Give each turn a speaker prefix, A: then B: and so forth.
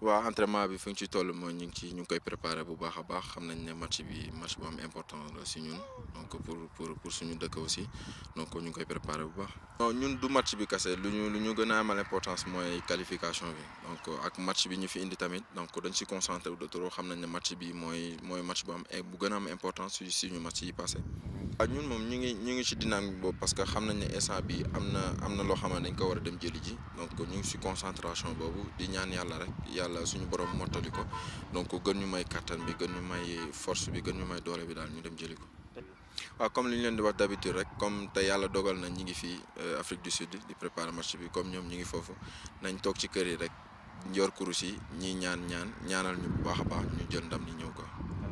A: waaw entrement bi fu ñu ci toll mooy ñu ngi ci ñu koy préparé bu baax a baax xam nañ ne match bi match bu am important si ñun donc pour pour suñu dëkk aussi donc ñu ngi koy préparé bu baax. non ñun du match bi kese lu ñu lu ñu gën a amal importance mooy qualification bi donc ak match bi ñu fi indi tamit donc dañ si concentré wu de xam nañ ne match bi mooy mooy match bu am bu gën a am importance si suñu match yi passé. waaw ñun moom ñu ngi ñu ngi ci dynamique boobu parce que xam nañ ne instant bi am na am na loo xam ne dañ ko war a dem jëli ji. ko ñu ngi si concentration boobu di ñaan yàlla rek yàlla suñu borom mottali ko donc gën ñu may kattan bi gën ñu may force bi gën ñu may doole bi daal ñu dem jëli ko. waaw comme li ñu leen di wax d'habitude rek comme te yàlla dogal na ñi ngi fii euh, Afrique du Sud di préparer match bi comme ñoom ñi ngi foofu nañ toog ci kër yi rek yor kurus yi ñiy ñaan ñaan ñaanal ñu bu baax a baax ñu jël ndam ni